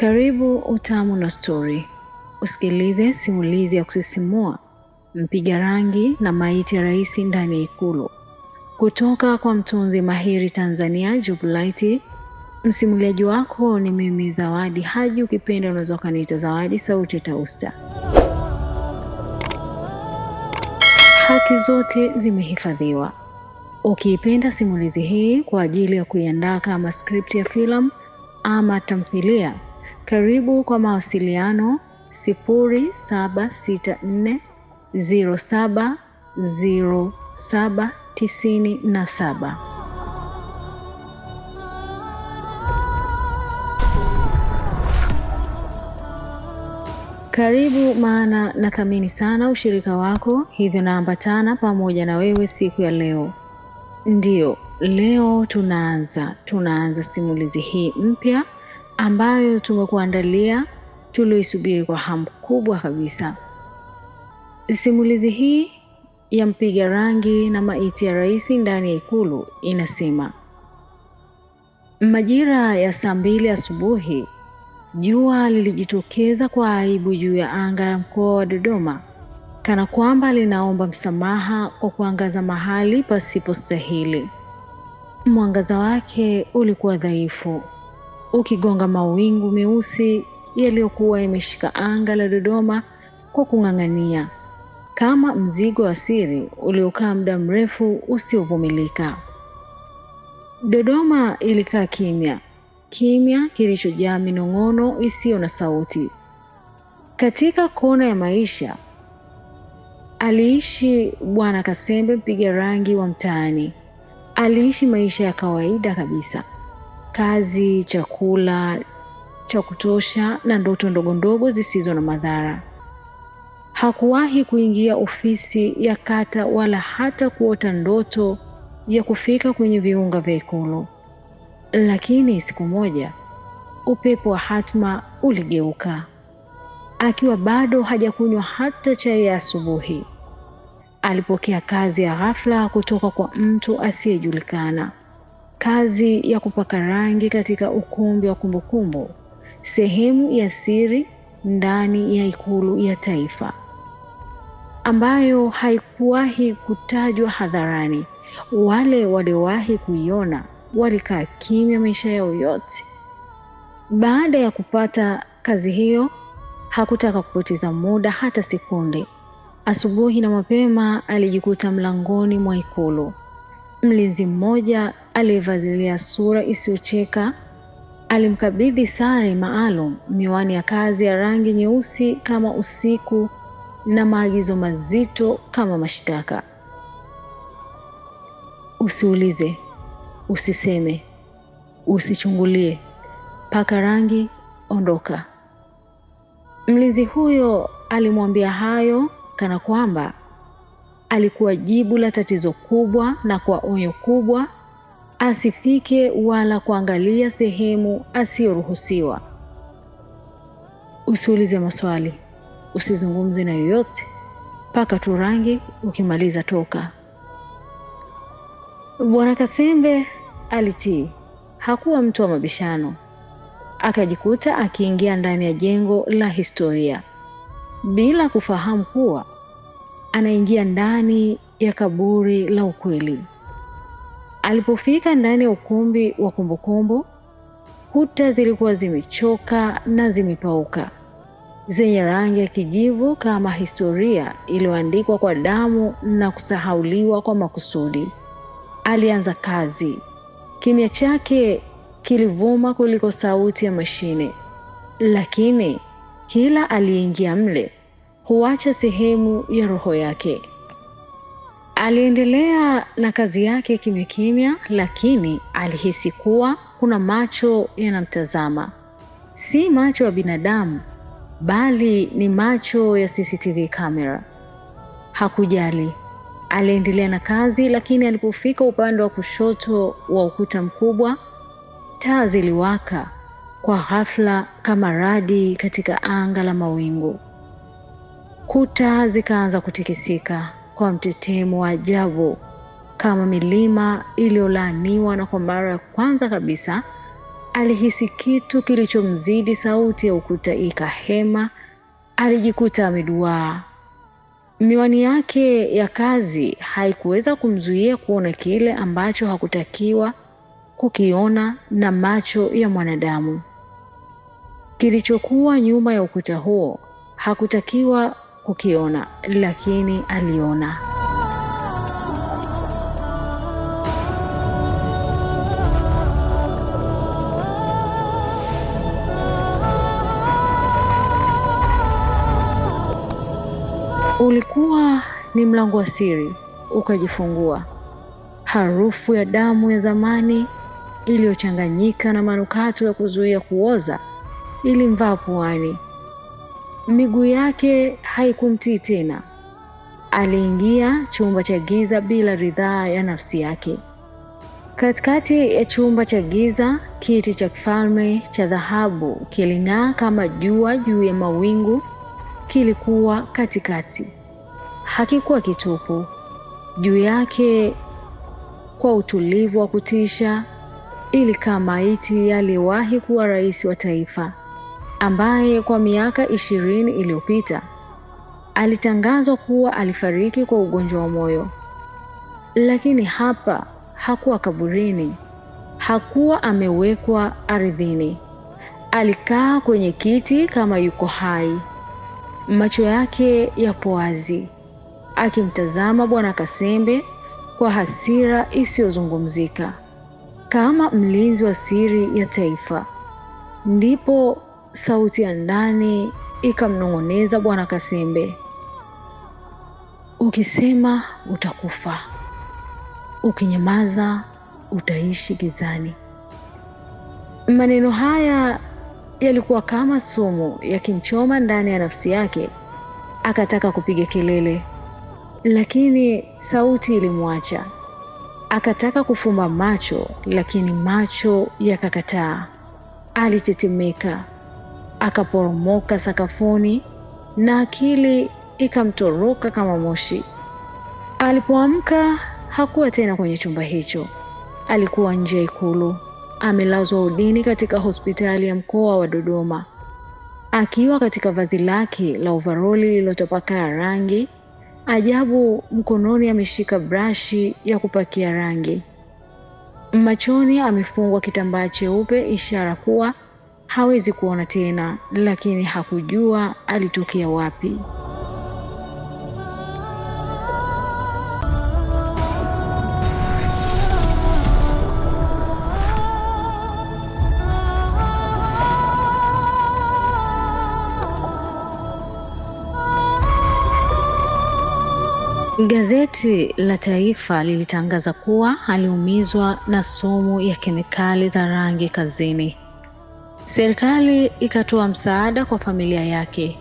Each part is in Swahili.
Karibu Utamu na Stori, usikilize simulizi ya kusisimua, mpiga rangi na maiti ya rais ndani ya Ikulu, kutoka kwa mtunzi mahiri Tanzania jubulaiti Msimuliaji wako ni mimi Zawadi Haji, ukipenda unaweza ukaniita Zawadi Sauti Tausta. Haki zote zimehifadhiwa. Ukiipenda simulizi hii kwa ajili ya kuiandaa kama skripti ya filamu ama tamthilia karibu kwa mawasiliano 0764070797. Karibu maana nathamini sana ushirika wako, hivyo naambatana pamoja na wewe siku ya leo. Ndiyo, leo tunaanza tunaanza simulizi hii mpya ambayo tumekuandalia tulioisubiri kwa hamu kubwa kabisa. Simulizi hii ya mpiga rangi na maiti ya rais ndani ya Ikulu inasema majira ya saa mbili asubuhi jua lilijitokeza kwa aibu juu ya anga ya mkoa wa Dodoma kana kwamba linaomba msamaha kwa kuangaza mahali pasipostahili. Mwangaza wake ulikuwa dhaifu, ukigonga mawingu meusi yaliyokuwa yameshika anga la Dodoma kwa kung'ang'ania, kama mzigo wa siri uliokaa muda mrefu usiovumilika. Dodoma ilikaa kimya, kimya kilichojaa minong'ono isiyo na sauti. Katika kona ya maisha aliishi Bwana Kasembe, mpiga rangi wa mtaani. Aliishi maisha ya kawaida kabisa kazi, chakula cha kutosha na ndoto ndogo ndogo zisizo na madhara. Hakuwahi kuingia ofisi ya kata wala hata kuota ndoto ya kufika kwenye viunga vya Ikulu. Lakini siku moja upepo wa hatma uligeuka. Akiwa bado hajakunywa hata chai ya asubuhi, alipokea kazi ya ghafla kutoka kwa mtu asiyejulikana kazi ya kupaka rangi katika ukumbi wa kumbukumbu, sehemu ya siri ndani ya Ikulu ya Taifa ambayo haikuwahi kutajwa hadharani. Wale waliowahi kuiona walikaa kimya maisha yao yote. Baada ya kupata kazi hiyo, hakutaka kupoteza muda hata sekunde. Asubuhi na mapema alijikuta mlangoni mwa Ikulu. Mlinzi mmoja aliyevazilia sura isiyocheka alimkabidhi sare maalum, miwani ya kazi ya rangi nyeusi kama usiku na maagizo mazito kama mashtaka: usiulize, usiseme, usichungulie, paka rangi, ondoka. Mlinzi huyo alimwambia hayo kana kwamba alikuwa jibu la tatizo kubwa na kwa onyo kubwa asifike wala kuangalia sehemu asiyoruhusiwa. Usiulize maswali, usizungumze na yoyote, paka tu rangi, ukimaliza toka. Bwana Kasembe alitii, hakuwa mtu wa mabishano. Akajikuta akiingia ndani ya jengo la historia bila kufahamu kuwa anaingia ndani ya kaburi la ukweli. Alipofika ndani ya ukumbi wa kumbukumbu, kuta zilikuwa zimechoka na zimepauka, zenye rangi ya kijivu kama historia iliyoandikwa kwa damu na kusahauliwa kwa makusudi. Alianza kazi. Kimya chake kilivuma kuliko sauti ya mashine, lakini kila aliyeingia mle huacha sehemu ya roho yake. Aliendelea na kazi yake kimya kimya, lakini alihisi kuwa kuna macho yanamtazama, si macho ya binadamu, bali ni macho ya CCTV camera Hakujali, aliendelea na kazi, lakini alipofika upande wa kushoto wa ukuta mkubwa, taa ziliwaka kwa ghafla kama radi katika anga la mawingu. Kuta zikaanza kutikisika kwa mtetemo wa ajabu kama milima iliyolaaniwa, na kwa mara ya kwanza kabisa alihisi kitu kilichomzidi sauti ya ukuta ikahema. Alijikuta ameduaa. Miwani yake ya kazi haikuweza kumzuia kuona kile ambacho hakutakiwa kukiona na macho ya mwanadamu. Kilichokuwa nyuma ya ukuta huo hakutakiwa hakukiona, lakini aliona ulikuwa ni mlango wa siri ukajifungua. Harufu ya damu ya zamani iliyochanganyika na manukato ya kuzuia kuoza ilimvaa puani. Miguu yake haikumtii tena. Aliingia chumba cha giza bila ridhaa ya nafsi yake. Katikati ya chumba cha giza, kiti cha kifalme cha dhahabu kiling'aa kama jua juu ya mawingu. Kilikuwa katikati, hakikuwa kitupu. Juu yake, kwa utulivu wa kutisha, ilikaa maiti aliyewahi kuwa rais wa taifa ambaye kwa miaka ishirini iliyopita alitangazwa kuwa alifariki kwa ugonjwa wa moyo, lakini hapa hakuwa kaburini, hakuwa amewekwa ardhini. Alikaa kwenye kiti kama yuko hai, macho yake yapo wazi, akimtazama Bwana Kasembe kwa hasira isiyozungumzika, kama mlinzi wa siri ya taifa. Ndipo sauti ya ndani ikamnong'oneza Bwana Kasembe, ukisema utakufa, ukinyamaza utaishi gizani. Maneno haya yalikuwa kama sumu yakimchoma ndani ya nafsi yake. Akataka kupiga kelele, lakini sauti ilimwacha. Akataka kufumba macho, lakini macho yakakataa. Alitetemeka akaporomoka sakafuni na akili ikamtoroka kama moshi. Alipoamka hakuwa tena kwenye chumba hicho, alikuwa nje ya Ikulu, amelazwa udini katika hospitali ya mkoa wa Dodoma, akiwa katika vazi lake la ovaroli lililotapakaa rangi ajabu. Mkononi ameshika brashi ya kupakia rangi, machoni amefungwa kitambaa cheupe, ishara kuwa hawezi kuona tena, lakini hakujua alitokea wapi. Gazeti la Taifa lilitangaza kuwa aliumizwa na sumu ya kemikali za rangi kazini. Serikali ikatoa msaada kwa familia yake,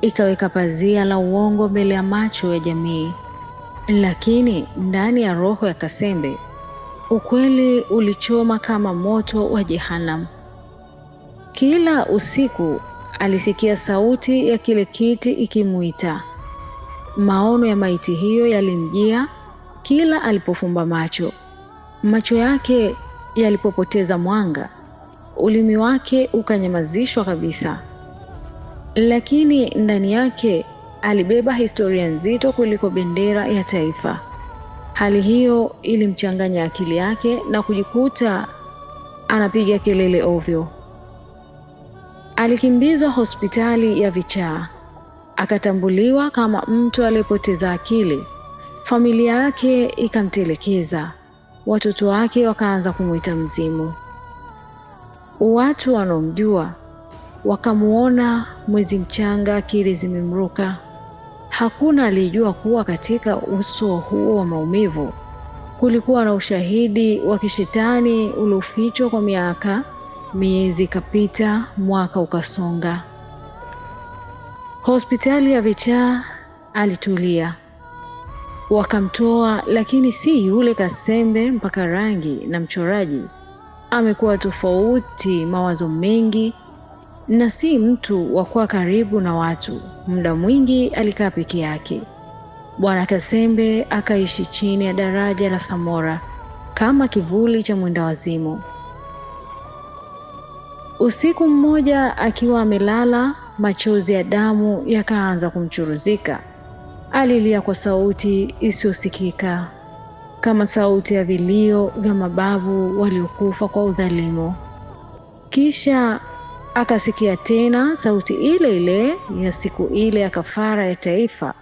ikaweka pazia la uongo mbele ya macho ya jamii, lakini ndani ya roho ya Kasembe ukweli ulichoma kama moto wa jehanamu. Kila usiku alisikia sauti ya kile kiti ikimuita. Maono ya maiti hiyo yalimjia kila alipofumba macho, macho yake yalipopoteza mwanga ulimi wake ukanyamazishwa kabisa, lakini ndani yake alibeba historia nzito kuliko bendera ya taifa. Hali hiyo ilimchanganya akili yake na kujikuta anapiga kelele ovyo. Alikimbizwa hospitali ya vichaa, akatambuliwa kama mtu aliyepoteza akili. Familia yake ikamtelekeza, watoto wake wakaanza kumwita mzimu. Watu wanaomjua wakamuona mwezi mchanga, akili zimemruka. Hakuna aliyejua kuwa katika uso huo wa maumivu kulikuwa na ushahidi wa kishetani uliofichwa kwa miaka. Miezi ikapita, mwaka ukasonga. Hospitali ya vichaa alitulia, wakamtoa, lakini si yule Kasembe mpaka rangi na mchoraji amekuwa tofauti, mawazo mengi na si mtu wa kuwa karibu na watu. Muda mwingi alikaa peke yake. Bwana Kasembe akaishi chini ya daraja la Samora kama kivuli cha mwenda wazimu. Usiku mmoja akiwa amelala, machozi ya damu yakaanza kumchuruzika. Alilia kwa sauti isiyosikika, kama sauti ya vilio vya mababu waliokufa kwa udhalimu. Kisha akasikia tena sauti ile ile ya siku ile ya kafara ya taifa,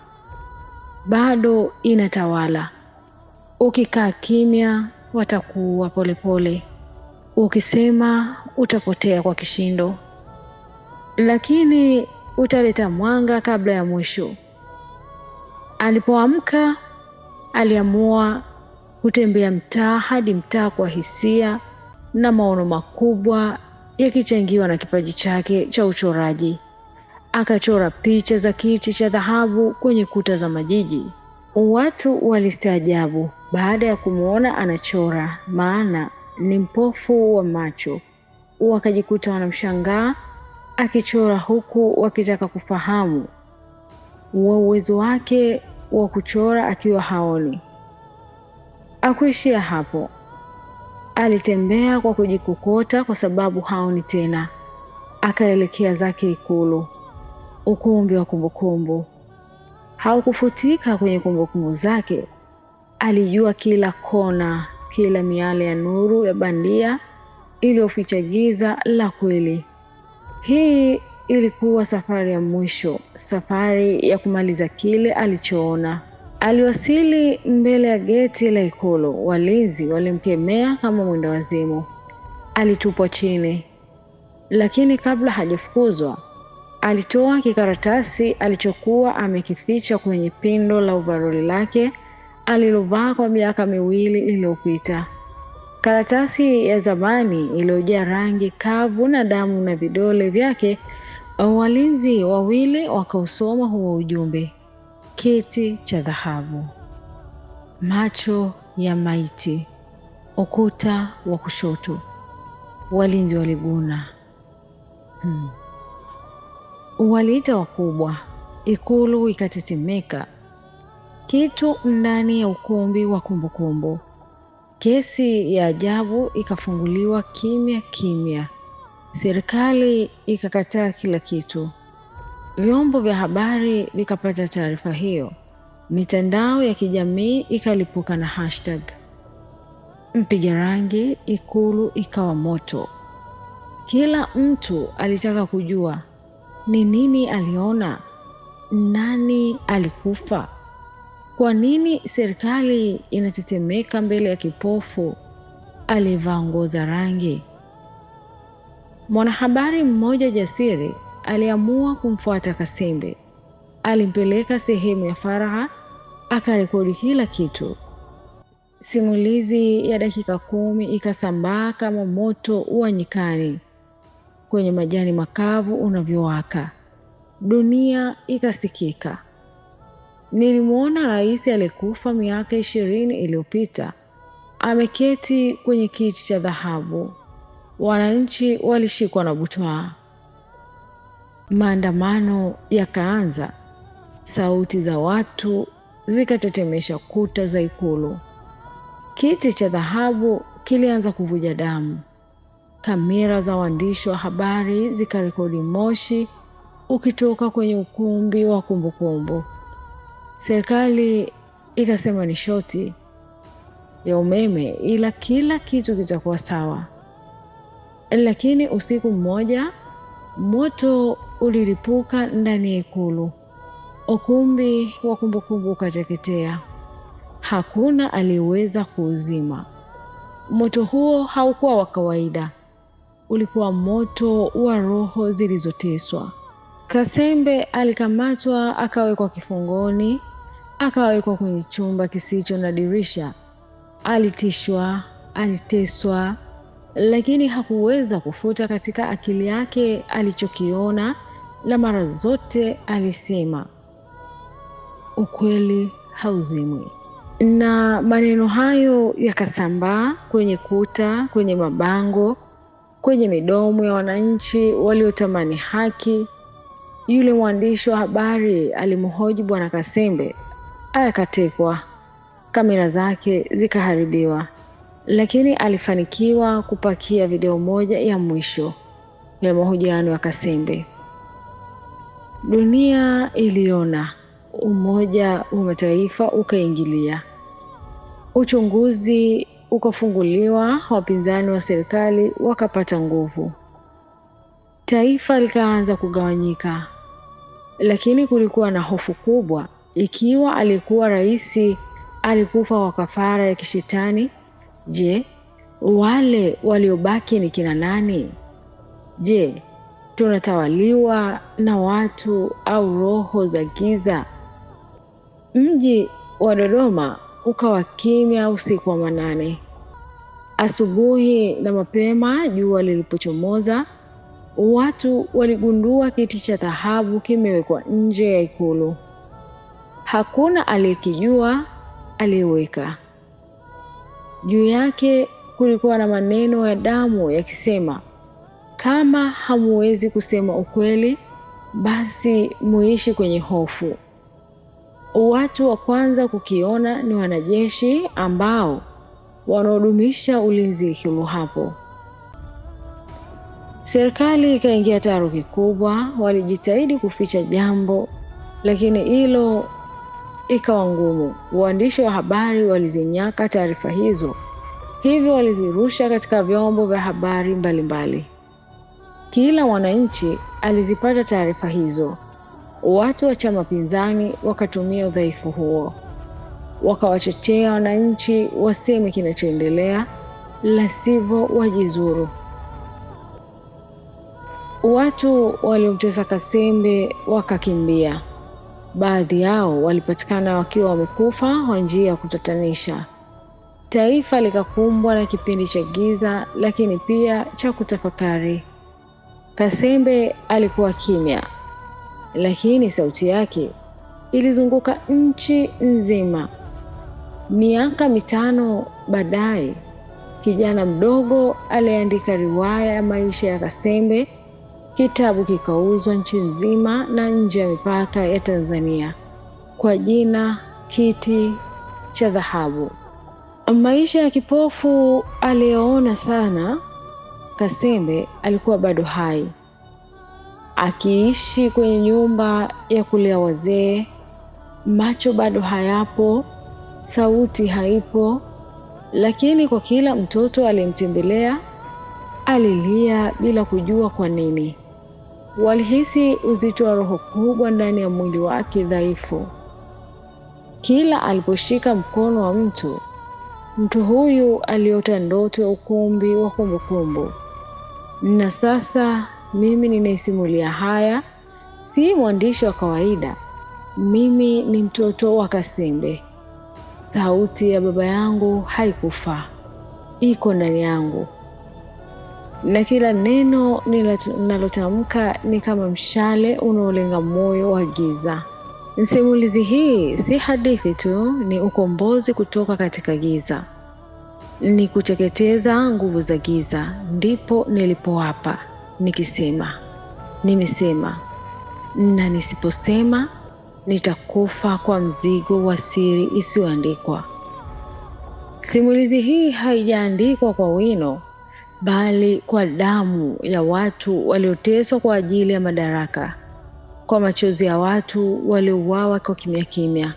bado inatawala. Ukikaa kimya, watakuua polepole, ukisema utapotea kwa kishindo, lakini utaleta mwanga kabla ya mwisho. Alipoamka aliamua hutembea mtaa hadi mtaa kwa hisia na maono makubwa yakichangiwa na kipaji chake cha uchoraji. Akachora picha za kiti cha dhahabu kwenye kuta za majiji. Watu walistaajabu baada ya kumwona anachora, maana ni mpofu wa macho. Wakajikuta wanamshangaa akichora, huku wakitaka kufahamu wa uwezo wake wa kuchora akiwa haoni. Hakuishia hapo, alitembea kwa kujikokota, kwa sababu haoni tena, akaelekea zake Ikulu. Ukumbi wa kumbukumbu haukufutika kwenye kumbukumbu zake. Alijua kila kona, kila miale ya nuru ya bandia iliyoficha giza la kweli. Hii ilikuwa safari ya mwisho, safari ya kumaliza kile alichoona. Aliwasili mbele ya geti la Ikulu, walinzi walimkemea kama wazimu, Alitupwa chini, lakini kabla hajafukuzwa alitoa kikaratasi alichokuwa amekificha kwenye pindo la uvaroli lake alilovaa kwa miaka miwili iliyopita. Karatasi ya zamani iliyojaa rangi kavu na damu na vidole vyake. Walinzi wawili wakausoma huo ujumbe kiti cha dhahabu, macho ya maiti, ukuta wa kushoto, walinzi waliguna. Hmm. Waliita wakubwa, ikulu ikatetemeka. Kitu ndani ya ukumbi wa kumbukumbu, kesi ya ajabu ikafunguliwa kimya kimya. Serikali ikakataa kila kitu, vyombo vya habari vikapata taarifa hiyo, mitandao ya kijamii ikalipuka na hashtag mpiga rangi Ikulu ikawa moto. Kila mtu alitaka kujua ni nini aliona, nani alikufa, kwa nini serikali inatetemeka mbele ya kipofu aliyevaa nguo za rangi. Mwanahabari mmoja jasiri aliamua kumfuata Kasembe. Alimpeleka sehemu ya faraha, akarekodi kila kitu. Simulizi ya dakika kumi ikasambaa kama moto wa nyikani kwenye majani makavu unavyowaka. Dunia ikasikika. Nilimwona rais aliyekufa miaka ishirini iliyopita ameketi kwenye kiti cha dhahabu. Wananchi walishikwa na butwaa. Maandamano yakaanza, sauti za watu zikatetemesha kuta za Ikulu. Kiti cha dhahabu kilianza kuvuja damu. Kamera za waandishi wa habari zikarekodi moshi ukitoka kwenye ukumbi wa kumbukumbu. Serikali ikasema ni shoti ya umeme, ila kila kitu kitakuwa sawa. Lakini usiku mmoja moto ulilipuka ndani ya ikulu. Ukumbi wa kumbukumbu ukateketea, hakuna aliyeweza kuuzima. Moto huo haukuwa wa kawaida, ulikuwa moto wa roho zilizoteswa. Kasembe alikamatwa akawekwa kifungoni, akawekwa kwenye chumba kisicho na dirisha. Alitishwa, aliteswa, lakini hakuweza kufuta katika akili yake alichokiona na mara zote alisema ukweli hauzimwi, na maneno hayo yakasambaa kwenye kuta, kwenye mabango, kwenye midomo ya wananchi waliotamani haki. Yule mwandishi wa habari alimhoji Bwana Kasembe, akatekwa, kamera zake zikaharibiwa, lakini alifanikiwa kupakia video moja ya mwisho ya mahojiano ya Kasembe. Dunia iliona, Umoja wa Mataifa ukaingilia, uchunguzi ukafunguliwa, wapinzani wa serikali wakapata nguvu, taifa likaanza kugawanyika. Lakini kulikuwa na hofu kubwa, ikiwa alikuwa rais alikufa kwa kafara ya kishetani, je, wale waliobaki ni kina nani? Je, tunatawaliwa na watu au roho za giza. Mji wa Dodoma ukawa kimya usiku wa manane. Asubuhi na mapema, jua lilipochomoza, watu waligundua kiti cha dhahabu kimewekwa nje ya Ikulu. Hakuna aliyekijua aliyeweka. Juu yake kulikuwa na maneno ya damu yakisema kama hamuwezi kusema ukweli, basi muishi kwenye hofu. Watu wa kwanza kukiona ni wanajeshi ambao wanaodumisha ulinzi ikulu hapo. Serikali ikaingia taharuki kubwa, walijitahidi kuficha jambo, lakini hilo ikawa ngumu. Waandishi wa habari walizinyaka taarifa hizo, hivyo walizirusha katika vyombo vya habari mbalimbali mbali. Kila mwananchi alizipata taarifa hizo. Watu wa chama pinzani wakatumia udhaifu huo, wakawachochea wananchi waseme kinachoendelea, la sivyo wajizuru. Watu waliomtesa Kasembe wakakimbia. Baadhi yao walipatikana wakiwa wamekufa kwa njia ya kutatanisha. Taifa likakumbwa na kipindi cha giza, lakini pia cha kutafakari. Kasembe alikuwa kimya, lakini sauti yake ilizunguka nchi nzima. Miaka mitano baadaye, kijana mdogo aliandika riwaya ya maisha ya Kasembe. Kitabu kikauzwa nchi nzima na nje ya mipaka ya Tanzania kwa jina Kiti cha Dhahabu. Maisha ya kipofu aliyoona sana Kasembe alikuwa bado hai akiishi kwenye nyumba ya kulea wazee. Macho bado hayapo, sauti haipo, lakini kwa kila mtoto aliyemtembelea alilia bila kujua kwa nini. Walihisi uzito wa roho kubwa ndani ya mwili wake dhaifu. Kila aliposhika mkono wa mtu, mtu huyu aliota ndoto ya ukumbi wa kumbukumbu. Na sasa mimi ninaisimulia haya si mwandishi wa kawaida, mimi ni mtoto wa kasimbe Sauti ya baba yangu haikufa, iko ndani yangu, na kila neno ninalotamka ni kama mshale unaolenga moyo wa giza. Simulizi hii si hadithi tu, ni ukombozi kutoka katika giza ni kuteketeza nguvu za giza. Ndipo nilipoapa nikisema, nimesema na nisiposema nitakufa kwa mzigo wa siri isiyoandikwa. Simulizi hii haijaandikwa kwa wino, bali kwa damu ya watu walioteswa kwa ajili ya madaraka, kwa machozi ya watu waliouawa kwa kimya kimya,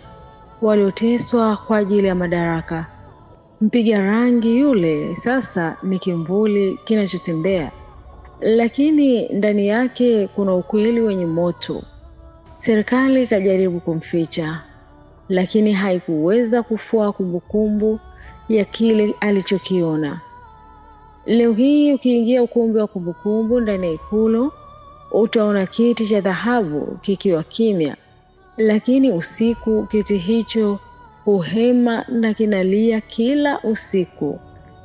walioteswa kwa ajili ya madaraka Mpiga rangi yule sasa ni kimvuli kinachotembea, lakini ndani yake kuna ukweli wenye moto. Serikali ikajaribu kumficha, lakini haikuweza kufua kumbukumbu ya kile alichokiona. Leo hii ukiingia ukumbi wa kumbukumbu ndani ya Ikulu, utaona kiti cha dhahabu kikiwa kimya, lakini usiku kiti hicho huhema na kinalia kila usiku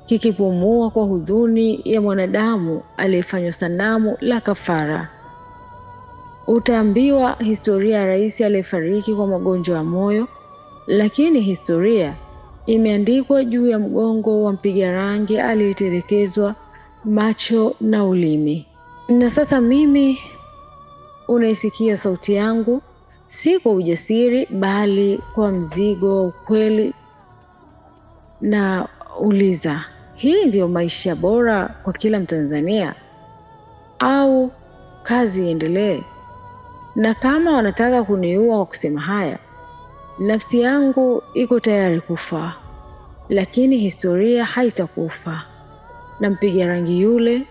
kikipumua kwa hudhuni ya mwanadamu aliyefanywa sanamu la kafara. Utaambiwa historia ya rais aliyefariki kwa magonjwa ya moyo, lakini historia imeandikwa juu ya mgongo wa mpiga rangi aliyetelekezwa macho na ulimi. Na sasa mimi unaisikia sauti yangu si kwa ujasiri, bali kwa mzigo wa ukweli, na uliza, hii ndiyo maisha bora kwa kila Mtanzania au kazi iendelee? Na kama wanataka kuniua kwa kusema haya, nafsi yangu iko tayari kufa, lakini historia haitakufa, na mpiga rangi yule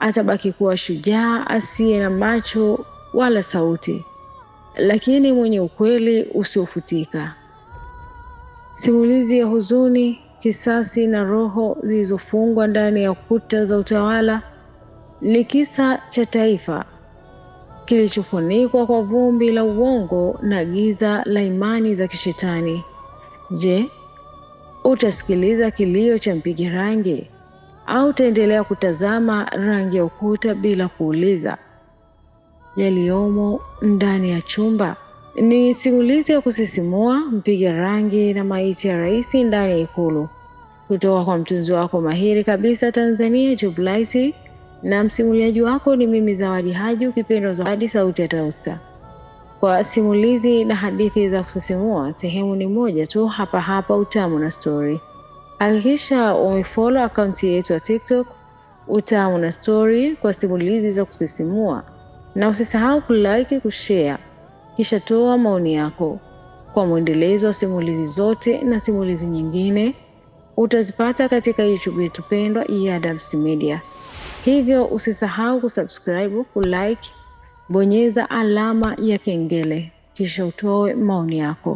atabaki kuwa shujaa asiye na macho wala sauti lakini mwenye ukweli usiofutika. Simulizi ya huzuni, kisasi na roho zilizofungwa ndani ya kuta za utawala ni kisa cha taifa kilichofunikwa kwa vumbi la uongo na giza la imani za kishetani. Je, utasikiliza kilio cha mpiga rangi au utaendelea kutazama rangi ya ukuta bila kuuliza? yaliyomo ndani ya chumba. Ni simulizi ya kusisimua, mpiga rangi na maiti ya rais ndani ya Ikulu, kutoka kwa mtunzi wako mahiri kabisa Tanzania Jublight, na msimuliaji wako ni mimi Zawadi Haji, ukipendwa Zawadi sauti ya Tausta. Kwa simulizi na hadithi za kusisimua, sehemu ni moja tu hapa hapa Utamu na Stori. Hakikisha umefollow akaunti yetu ya TikTok Utamu na Stori kwa simulizi za kusisimua na usisahau kulike, kushare, kisha toa maoni yako. Kwa mwendelezo wa simulizi zote na simulizi nyingine utazipata katika YouTube yetu pendwa ya Media, hivyo usisahau kusubscribe, kulike, bonyeza alama ya kengele, kisha utoe maoni yako.